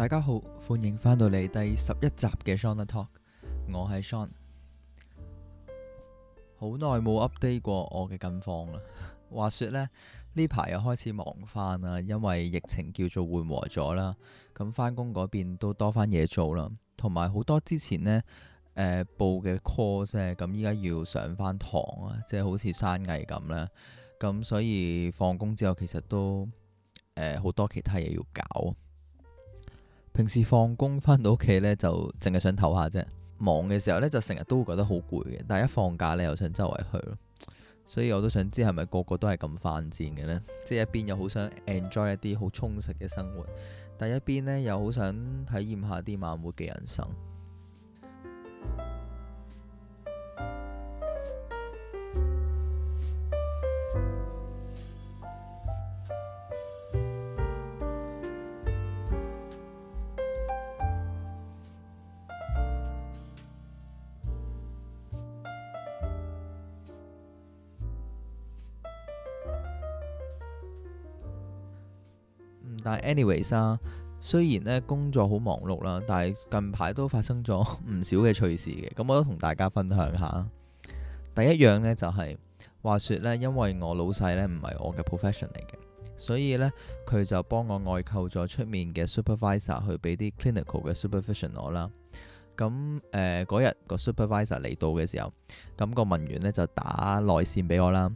大家好，歡迎翻到嚟第十一集嘅 Shawn Talk，我係 Shawn。好耐冇 update 過我嘅近況啦。 話說呢，呢排又開始忙翻啦，因為疫情叫做緩和咗啦，咁翻工嗰邊都多翻嘢做啦，同埋好多之前呢誒、呃、報嘅 course，咁依家要上翻堂啊，即係好似山藝咁咧，咁所以放工之後其實都誒好、呃、多其他嘢要搞。平時放工翻到屋企呢，就淨係想唞下啫。忙嘅時候呢，就成日都會覺得好攰嘅。但係一放假呢，又想周圍去咯。所以我都想知係咪個個都係咁犯賤嘅呢？即係一邊又好想 enjoy 一啲好充實嘅生活，但一邊呢，又好想體驗下啲慢活嘅人生。但 anyways 啊，uh, 雖然咧工作好忙碌啦，但係近排都發生咗唔少嘅趣事嘅，咁我都同大家分享下。第一樣呢，就係、是、話説呢，因為我老細呢唔係我嘅 profession 嚟嘅，所以呢，佢就幫我外購咗出面嘅 supervisor 去俾啲 clinical 嘅 supervision 我啦。咁誒嗰日個 supervisor 嚟到嘅時候，咁、那個文員呢就打內線俾我啦。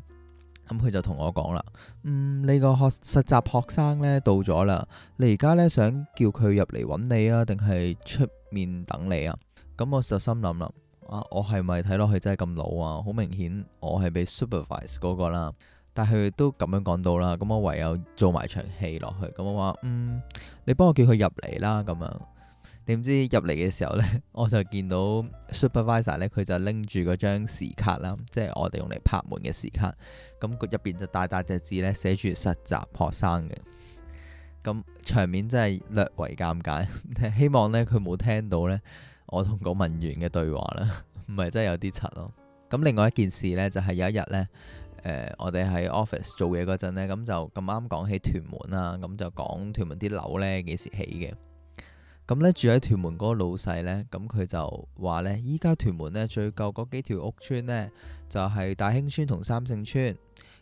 咁佢就同我講啦，嗯，你個學實習學生呢到咗啦，你而家呢想叫佢入嚟搵你啊，定係出面等你啊？咁、嗯、我就心諗啦，啊，我係咪睇落去真係咁老啊？好明顯我係俾 supervise 嗰個啦，但係佢都咁樣講到啦，咁、嗯、我唯有做埋場戲落去，咁我話，嗯，你幫我叫佢入嚟啦，咁樣。點知入嚟嘅時候呢，我就見到 supervisor 呢，佢就拎住嗰張時卡啦，即係我哋用嚟拍門嘅時卡。咁佢入邊就大大隻字呢，寫住實習學生嘅。咁場面真係略為尷尬， 希望呢，佢冇聽到呢我同個文員嘅對話啦，唔 係真係有啲柒咯。咁另外一件事呢，就係有一日呢、呃，我哋喺 office 做嘢嗰陣呢，咁就咁啱講起屯門啦，咁就講屯門啲樓呢幾時起嘅。咁呢住喺屯門嗰個老細呢，咁佢就話呢：「依家屯門呢，最舊嗰幾條屋村呢，就係大興村同三聖村，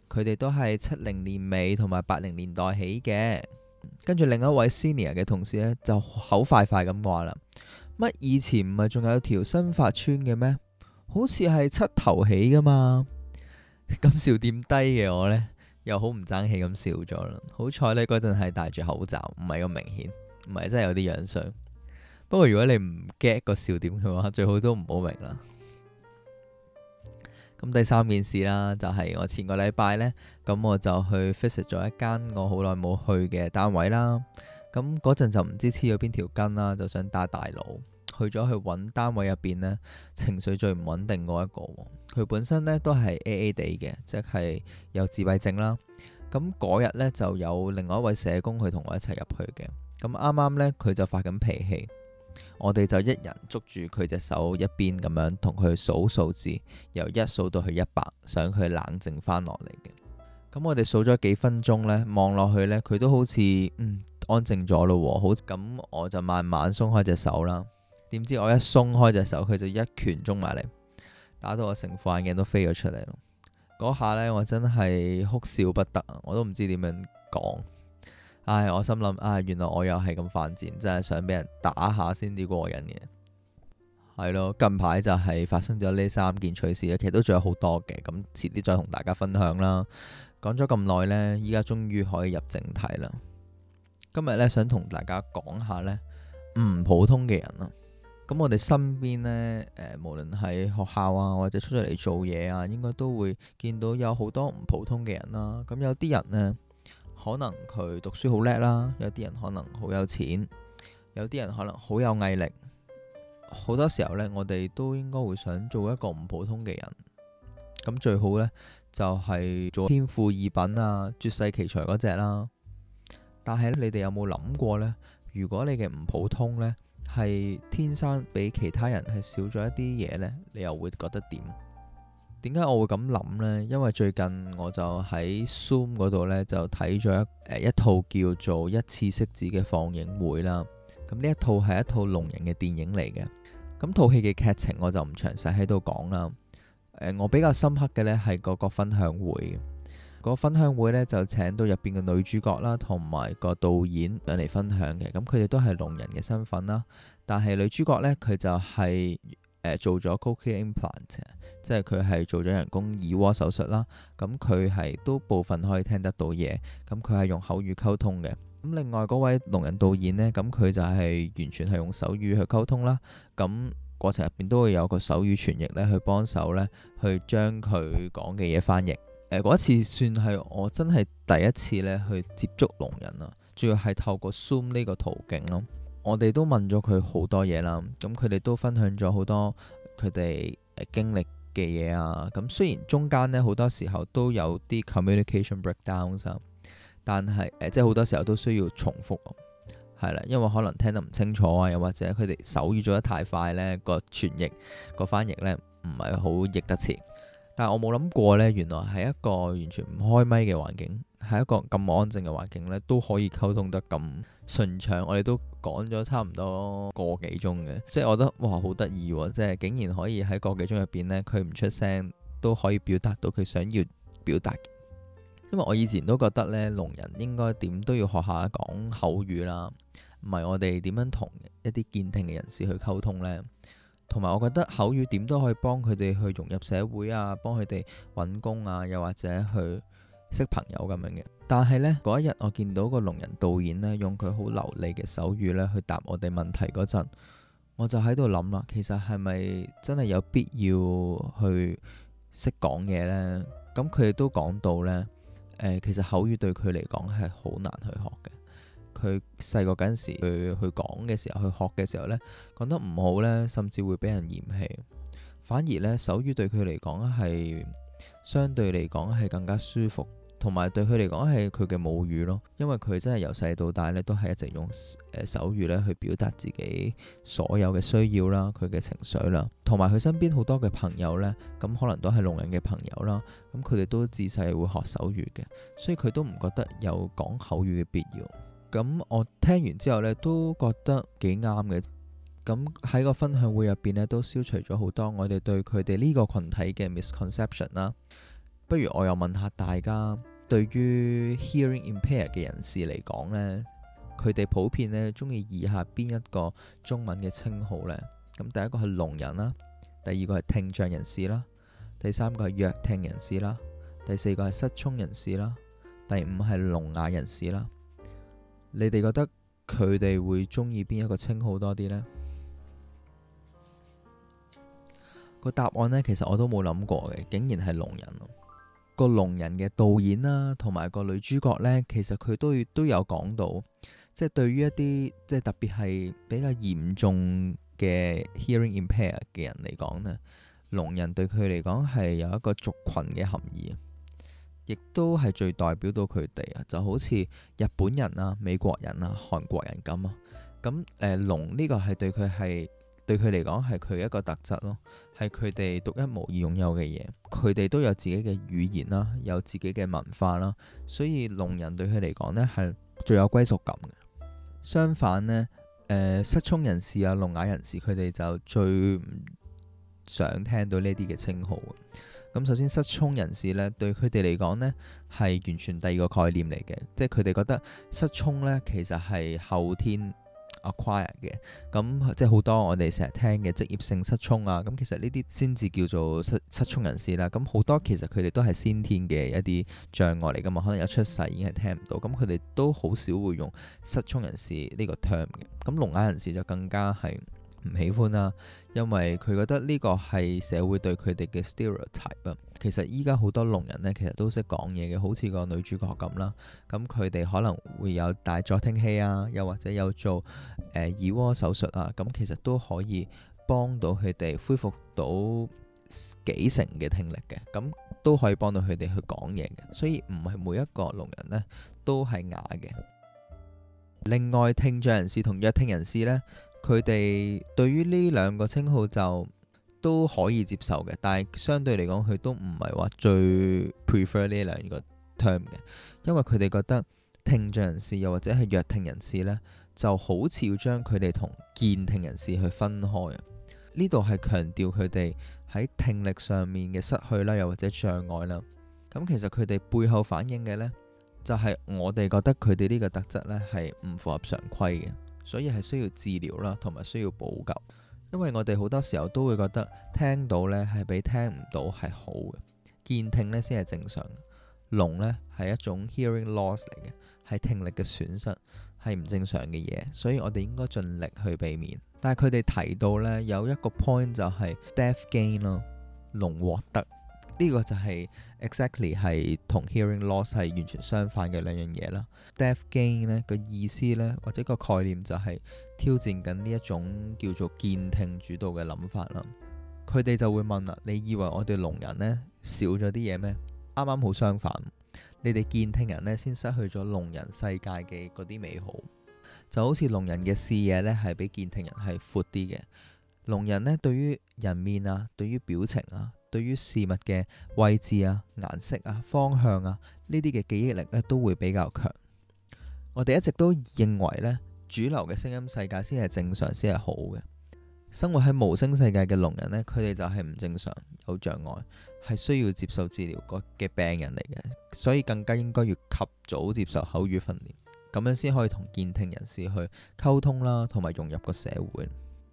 佢哋都係七零年尾同埋八零年代起嘅。」跟住另一位 senior 嘅同事呢，就口快快咁話啦，乜以前唔係仲有條新發村嘅咩？好似係七頭起噶嘛？」咁笑點低嘅我呢，又好唔爭氣咁笑咗啦。好彩呢嗰陣係戴住口罩，唔係咁明顯。唔係真係有啲樣相，不過如果你唔 get 個笑點嘅話，最好都唔好明啦。咁第三件事啦，就係我前個禮拜呢，咁我就去 visit 咗一間我好耐冇去嘅單位啦。咁嗰陣就唔知黐咗邊條筋啦，就想打大佬去咗去揾單位入邊呢，情緒最唔穩定嗰一個。佢本身呢都係 A A 地嘅，即係有自閉症啦。咁嗰日呢，就有另外一位社工去同我一齊入去嘅。咁啱啱呢，佢就發緊脾氣，我哋就一人捉住佢隻手一邊咁樣同佢數數字，由一數到去一百，想佢冷靜翻落嚟嘅。咁、嗯、我哋數咗幾分鐘呢，望落去呢，佢都好似嗯，安靜咗咯，好，咁我就慢慢鬆開隻手啦。點知我一鬆開隻手，佢就一拳中埋嚟，打到我成副眼鏡都飛咗出嚟咯。嗰下呢，我真係哭笑不得啊！我都唔知點樣講。唉，我心諗，唉，原來我又係咁犯賤，真係想俾人打下先至過癮嘅，係咯。近排就係發生咗呢三件趣事啦，其實都仲有好多嘅，咁遲啲再同大家分享啦。講咗咁耐呢，依家終於可以入正題啦。今日呢，想同大家講下呢唔普通嘅人啦。咁我哋身邊呢，誒，無論喺學校啊，或者出咗嚟做嘢啊，應該都會見到有好多唔普通嘅人啦、啊。咁有啲人呢。可能佢讀書好叻啦，有啲人可能好有錢，有啲人可能好有毅力。好多時候呢，我哋都應該會想做一個唔普通嘅人。咁最好呢，就係做天賦異稟啊、絕世奇才嗰隻啦。但係你哋有冇諗過呢？如果你嘅唔普通呢，係天生比其他人係少咗一啲嘢呢，你又會覺得點？點解我會咁諗呢？因為最近我就喺 Zoom 嗰度呢，就睇咗一,一套叫做《一次識字》嘅放映會啦。咁呢一套係一套聾人嘅電影嚟嘅。咁套戲嘅劇情我就唔詳細喺度講啦。呃，我比較深刻嘅呢係個個分享會。個分享會呢，就請到入邊嘅女主角啦，同埋個導演上嚟分享嘅。咁佢哋都係聾人嘅身份啦。但係女主角呢，佢就係、是。誒做咗高級 implant，即係佢係做咗人工耳蝸手術啦，咁佢係都部分可以聽得到嘢，咁佢係用口語溝通嘅。咁另外嗰位聾人導演呢，咁佢就係完全係用手語去溝通啦，咁過程入邊都會有個手語傳譯呢去幫手呢，去將佢講嘅嘢翻譯。誒嗰次算係我真係第一次呢去接觸聾人啦，主要係透過 Zoom 呢個途徑咯。我哋都問咗佢好多嘢啦，咁佢哋都分享咗好多佢哋誒經歷嘅嘢啊。咁雖然中間呢好多時候都有啲 communication breakdowns，但係，呃，即係好多時候都需要重複係啦，因為可能聽得唔清楚啊，又或者佢哋手語做得太快全譯譯呢，個傳譯個翻譯呢唔係好譯得切。但我冇諗過呢，原來係一個完全唔開咪嘅環境，係一個咁安靜嘅環境呢，都可以溝通得咁順暢。我哋都～講咗差唔多個幾鐘嘅，即係我覺得哇好得意喎！即係竟然可以喺個幾鐘入邊呢，佢唔出聲都可以表達到佢想要表達。因為我以前都覺得呢，聾人應該點都要學下講口語啦，唔係我哋點樣同一啲健聽嘅人士去溝通呢。同埋我覺得口語點都可以幫佢哋去融入社會啊，幫佢哋揾工啊，又或者去識朋友咁樣嘅。但係呢，嗰一日我見到個聾人導演呢，用佢好流利嘅手語呢去答我哋問題嗰陣，我就喺度諗啦，其實係咪真係有必要去識講嘢呢？咁佢都講到呢、呃，其實口語對佢嚟講係好難去學嘅。佢細個嗰陣時去，佢去講嘅時候，去學嘅時候呢，講得唔好呢，甚至會俾人嫌棄。反而呢，手語對佢嚟講係相對嚟講係更加舒服。同埋對佢嚟講係佢嘅母語咯，因為佢真係由細到大咧都係一直用誒手語咧去表達自己所有嘅需要啦、佢嘅情緒啦，同埋佢身邊好多嘅朋友呢，咁可能都係聾人嘅朋友啦，咁佢哋都自細會學手語嘅，所以佢都唔覺得有講口語嘅必要。咁我聽完之後呢，都覺得幾啱嘅，咁喺個分享會入邊呢，都消除咗好多我哋對佢哋呢個群體嘅 misconception 啦。不如我又問下大家。對於 hearing impaired 嘅人士嚟講呢，佢哋普遍呢，中意以下邊一個中文嘅稱號呢？咁第一個係聾人啦，第二個係聽障人士啦，第三個係弱聽人士啦，第四個係失聰人士啦，第五係聾啞人士啦。你哋覺得佢哋會中意邊一個稱號多啲呢？那個答案呢，其實我都冇諗過嘅，竟然係聾人。個聾人嘅導演啦、啊，同埋個女主角呢，其實佢都都有講到，即係對於一啲即係特別係比較嚴重嘅 hearing impair 嘅人嚟講呢，聾人對佢嚟講係有一個族群嘅含義，亦都係最代表到佢哋啊，就好似日本人啊、美國人啊、韓國人咁啊，咁誒聾呢個係對佢係對佢嚟講係佢一個特質咯。係佢哋獨一無二擁有嘅嘢，佢哋都有自己嘅語言啦，有自己嘅文化啦，所以聾人對佢嚟講呢係最有歸屬感嘅。相反呢，誒、呃、失聰人士啊、聾啞人士，佢哋就最唔想聽到呢啲嘅稱號。咁首先失聰人士呢對佢哋嚟講呢係完全第二個概念嚟嘅，即係佢哋覺得失聰呢其實係後天。acquire 嘅，咁即係好多我哋成日聽嘅職業性失聰啊，咁其實呢啲先至叫做失失聰人士啦，咁好多其實佢哋都係先天嘅一啲障礙嚟㗎嘛，可能一出世已經係聽唔到，咁佢哋都好少會用失聰人士呢個 term 嘅，咁聾啞人士就更加係。唔喜歡啦、啊，因為佢覺得呢個係社會對佢哋嘅 stereotype 啊。其實依家好多聾人呢，其實都識講嘢嘅，好似個女主角咁啦。咁佢哋可能會有戴助聽器啊，又或者有做、呃、耳窩手術啊。咁其實都可以幫到佢哋恢復到幾成嘅聽力嘅，咁都可以幫到佢哋去講嘢嘅。所以唔係每一個聾人呢都係啞嘅。另外，聽障人士同弱聽人士呢。佢哋對於呢兩個稱號就都可以接受嘅，但係相對嚟講，佢都唔係話最 prefer 呢兩個 term 嘅，因為佢哋覺得聽障人士又或者係弱聽人士呢，就好似要將佢哋同健聽人士去分開。呢度係強調佢哋喺聽力上面嘅失去啦，又或者障礙啦。咁其實佢哋背後反映嘅呢，就係我哋覺得佢哋呢個特質呢係唔符合常規嘅。所以係需要治療啦，同埋需要補救，因為我哋好多時候都會覺得聽到呢係比聽唔到係好嘅，健聽呢先係正常嘅，聾呢咧係一種 hearing loss 嚟嘅，係聽力嘅損失，係唔正常嘅嘢，所以我哋應該盡力去避免。但係佢哋提到呢，有一個 point 就係 deaf gain 咯，聾獲得。呢個就係 exactly 係同 hearing loss 係完全相反嘅兩樣嘢啦。Deaf gain 呢個意思呢，或者個概念就係挑戰緊呢一種叫做健聽主導嘅諗法啦。佢哋就會問啦：你以為我哋聾人呢少咗啲嘢咩？啱啱好相反，你哋健聽人呢先失去咗聾人世界嘅嗰啲美好，就好似聾人嘅視野呢係比健聽人係闊啲嘅。聾人呢對於人面啊，對於表情啊。對於事物嘅位置啊、顏色啊、方向啊呢啲嘅記憶力呢都會比較強。我哋一直都認為呢主流嘅聲音世界先係正常，先係好嘅。生活喺無聲世界嘅聾人呢，佢哋就係唔正常，有障礙，係需要接受治療嘅病人嚟嘅，所以更加應該要及早接受口語訓練，咁樣先可以同健聽人士去溝通啦，同埋融入個社會。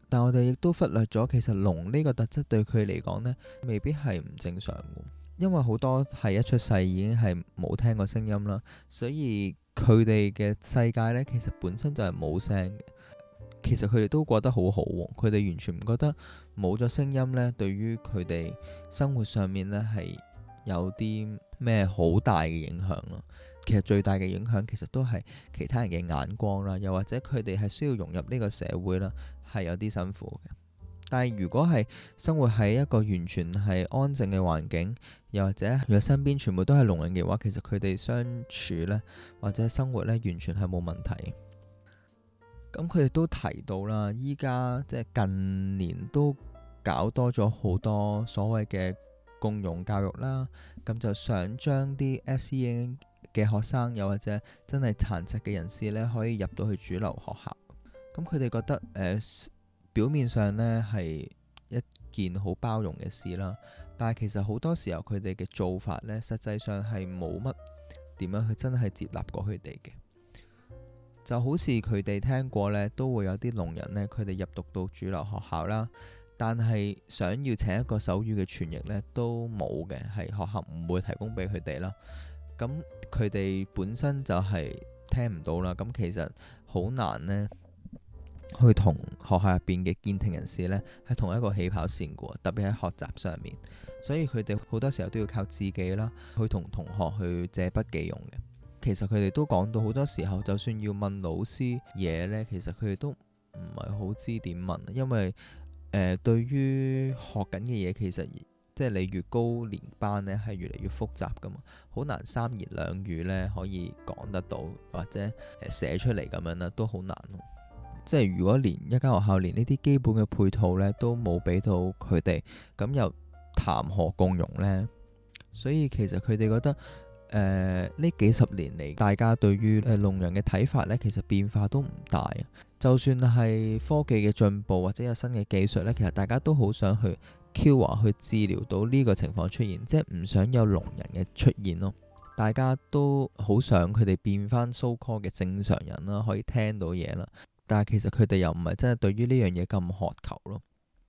但我哋亦都忽略咗，其實聾呢個特質對佢嚟講呢未必係唔正常嘅。因為好多係一出世已經係冇聽過聲音啦，所以佢哋嘅世界呢，其實本身就係冇聲嘅。其實佢哋都過得好好，佢哋完全唔覺得冇咗聲音呢。對於佢哋生活上面呢，係有啲咩好大嘅影響咯。其實最大嘅影響其實都係其他人嘅眼光啦，又或者佢哋係需要融入呢個社會啦。係有啲辛苦嘅，但係如果係生活喺一個完全係安靜嘅環境，又或者佢身邊全部都係聾人嘅話，其實佢哋相處呢，或者生活呢，完全係冇問題。咁佢哋都提到啦，依家即係近年都搞多咗好多所謂嘅共融教育啦，咁就想將啲 S.E.N. 嘅學生，又或者真係殘疾嘅人士呢，可以入到去主流學校。咁佢哋覺得，誒、呃、表面上呢係一件好包容嘅事啦。但係其實好多時候，佢哋嘅做法呢，實際上係冇乜點樣去真係接納過佢哋嘅。就好似佢哋聽過呢，都會有啲聾人呢，佢哋入讀到主流學校啦，但係想要請一個手語嘅傳譯呢都冇嘅，係學校唔會提供俾佢哋啦。咁佢哋本身就係聽唔到啦。咁其實好難呢。去同學校入邊嘅健聽人士呢，係同一個起跑線嘅，特別喺學習上面，所以佢哋好多時候都要靠自己啦，去同同學去借筆記用嘅。其實佢哋都講到好多時候，就算要問老師嘢呢，其實佢哋都唔係好知點問，因為誒、呃、對於學緊嘅嘢，其實即係、就是、你越高年班呢，係越嚟越複雜㗎嘛，好難三言兩語呢可以講得到，或者誒寫出嚟咁樣啦，都好難。即係如果連一間學校，連呢啲基本嘅配套呢都冇俾到佢哋，咁又談何共融呢？所以其實佢哋覺得誒呢、呃、幾十年嚟，大家對於誒聾人嘅睇法呢，其實變化都唔大。就算係科技嘅進步或者有新嘅技術呢，其實大家都好想去 Q 話去治療到呢個情況出現，即係唔想有聾人嘅出現咯。大家都好想佢哋變翻 so call 嘅正常人啦，可以聽到嘢啦。但係其實佢哋又唔係真係對於呢樣嘢咁渴求咯。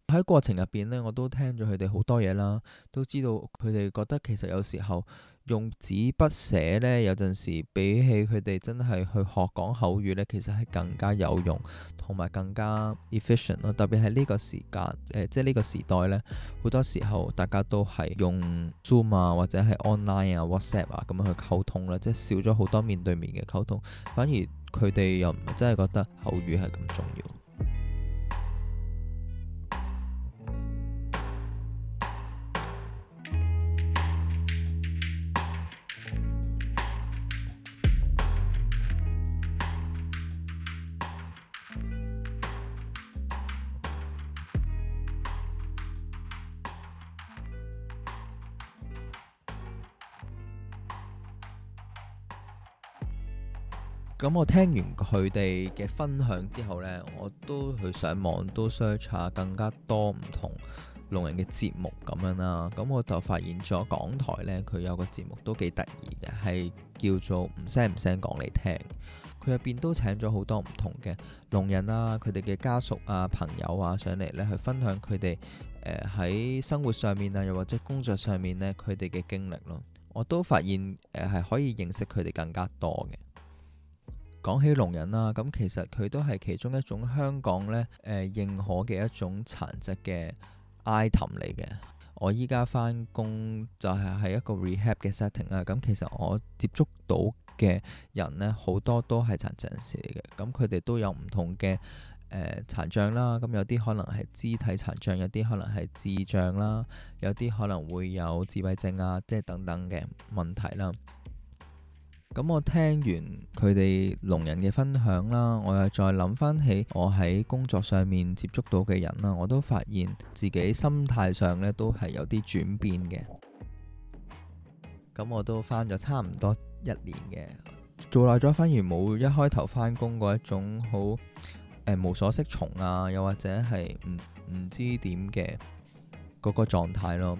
喺過程入邊呢，我都聽咗佢哋好多嘢啦，都知道佢哋覺得其實有時候用紙筆寫呢，有陣時比起佢哋真係去學講口語呢，其實係更加有用同埋更加 efficient 咯。特別係呢個時間誒、呃，即係呢個時代呢，好多時候大家都係用 Zoom 啊或者係 online 啊 WhatsApp 啊咁樣去溝通啦，即係少咗好多面對面嘅溝通，反而，佢哋又唔真係覺得口語係咁重要。咁我聽完佢哋嘅分享之後呢，我都去上網都 search 下更加多唔同聾人嘅節目咁樣啦。咁我就發現咗港台呢，佢有個節目都幾得意嘅，係叫做唔聲唔聲講你聽。佢入邊都請咗好多唔同嘅聾人啊，佢哋嘅家屬啊、朋友啊上嚟呢去分享佢哋喺生活上面啊，又或者工作上面呢，佢哋嘅經歷咯。我都發現誒係、呃、可以認識佢哋更加多嘅。講起聾人啦，咁其實佢都係其中一種香港呢誒、呃、認可嘅一種殘疾嘅 item 嚟嘅。我依家返工就係喺一個 rehab 嘅 setting 啊，咁其實我接觸到嘅人呢，好多都係殘疾人士嚟嘅，咁佢哋都有唔同嘅誒、呃、殘障啦，咁有啲可能係肢體殘障，有啲可能係智障啦，有啲可能會有自閉症啊，即係等等嘅問題啦。咁我聽完佢哋聾人嘅分享啦，我又再諗翻起我喺工作上面接觸到嘅人啦，我都發現自己心態上呢都係有啲轉變嘅。咁我都翻咗差唔多一年嘅，做耐咗反而冇一開頭翻工嗰一種好誒、呃、無所適從啊，又或者係唔唔知點嘅嗰個狀態咯。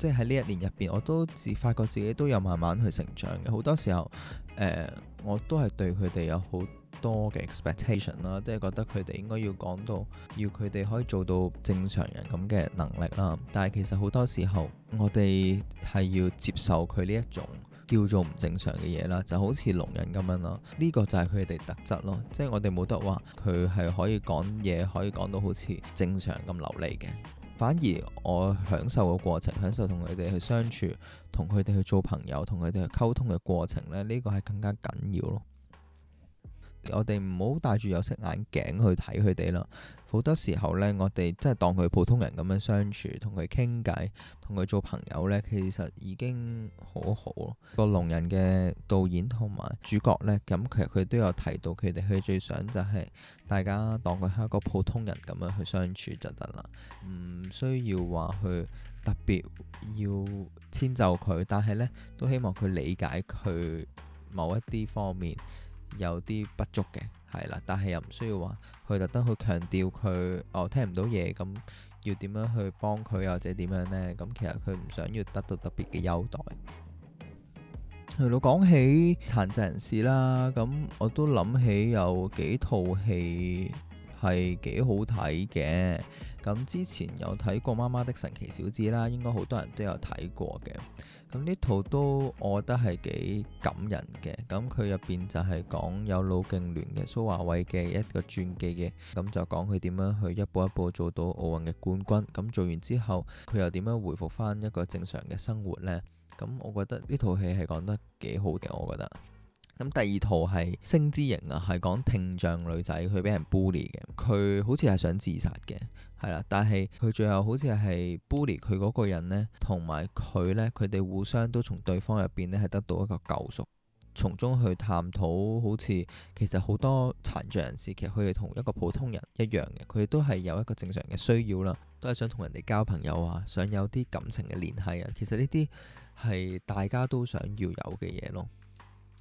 即係喺呢一年入邊，我都自發覺自己都有慢慢去成長嘅。好多時候，誒、呃，我都係對佢哋有好多嘅 expectation 啦，即係覺得佢哋應該要講到，要佢哋可以做到正常人咁嘅能力啦。但係其實好多時候，我哋係要接受佢呢一種叫做唔正常嘅嘢啦，就好似聾人咁樣咯。呢、這個就係佢哋特質咯，即係我哋冇得話佢係可以講嘢，可以講到好似正常咁流利嘅。反而我享受個過程，享受同佢哋去相處，同佢哋去做朋友，同佢哋去溝通嘅過程咧，呢個係更加緊要囉。我哋唔好戴住有色眼鏡去睇佢哋啦，好多時候呢，我哋真係當佢普通人咁樣相處，同佢傾偈，同佢做朋友呢，其實已經好好咯。個聾人嘅導演同埋主角呢，咁其實佢都有提到佢哋，佢最想就係大家當佢係一個普通人咁樣去相處就得啦，唔需要話去特別要遷就佢，但係呢，都希望佢理解佢某一啲方面。有啲不足嘅，係啦，但係又唔需要去、哦、話佢特登去強調佢，我聽唔到嘢，咁要點樣去幫佢，或者點樣呢？咁其實佢唔想要得到特別嘅優待。係咯，講 起殘疾人士啦，咁我都諗起有幾套戲係幾好睇嘅。咁之前有睇過《媽媽的神奇小子》啦，應該好多人都有睇過嘅。咁呢套都我覺得係幾感人嘅，咁佢入邊就係講有腦痙攣嘅蘇華偉嘅一個傳記嘅，咁就講佢點樣去一步一步做到奧運嘅冠軍，咁做完之後佢又點樣回復返一個正常嘅生活呢？咁我覺得呢套戲係講得幾好嘅，我覺得。咁第二套係聲之形啊，係講聽障女仔佢俾人 bully 嘅，佢好似係想自殺嘅，係啦，但係佢最後好似係 bully 佢嗰個人呢，同埋佢呢，佢哋互相都從對方入邊呢，係得到一個救贖，從中去探討，好似其實好多殘障人士其實佢哋同一個普通人一樣嘅，佢哋都係有一個正常嘅需要啦，都係想同人哋交朋友啊，想有啲感情嘅聯繫啊，其實呢啲係大家都想要有嘅嘢咯。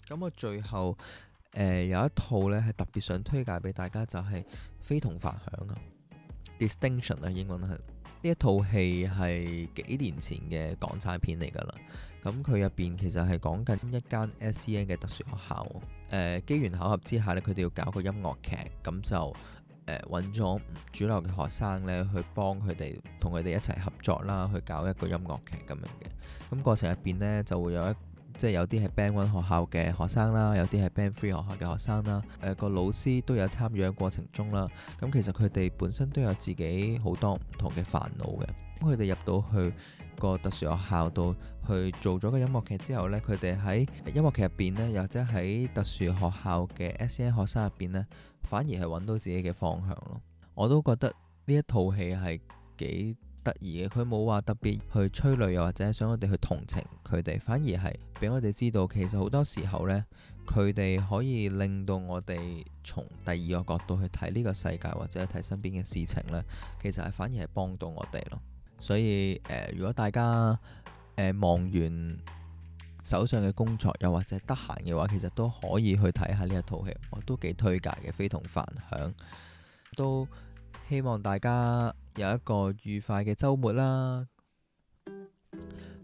咁我最後誒有一套咧係特別想推介俾大家，就係《非同凡響》啊，《Distinction》啊，英文係呢一套戲係幾年前嘅港產片嚟㗎啦。咁佢入邊其實係講緊一間 SCN 嘅特殊學校。誒，機緣巧合之下咧，佢哋要搞個音樂劇，咁就誒揾咗主流嘅學生咧去幫佢哋，同佢哋一齊合作啦，去搞一個音樂劇咁樣嘅。咁過程入邊咧就會有一。即係有啲係 Band One 學校嘅學生啦，有啲係 Band Three 學校嘅學生啦。誒個老師都有參與嘅過程中啦。咁其實佢哋本身都有自己好多唔同嘅煩惱嘅。咁佢哋入到去個特殊學校度去做咗個音樂劇之後呢，佢哋喺音樂劇入邊呢，又或者喺特殊學校嘅 SEN 學生入邊呢，反而係揾到自己嘅方向咯。我都覺得呢一套戲係幾～得意嘅，佢冇話特別去催淚，又或者想我哋去同情佢哋，反而係俾我哋知道，其實好多時候呢，佢哋可以令到我哋從第二個角度去睇呢個世界，或者睇身邊嘅事情呢，其實係反而係幫到我哋咯。所以誒、呃，如果大家誒忙、呃、完手上嘅工作，又或者得閒嘅話，其實都可以去睇下呢一套戲，我都幾推介嘅，非同凡響，都。希望大家有一個愉快嘅周末啦！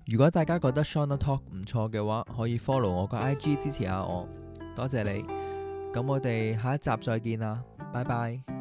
如果大家覺得 Shawn Talk 唔錯嘅話，可以 follow 我個 IG 支持下我，多謝你！咁我哋下一集再見啦，拜拜！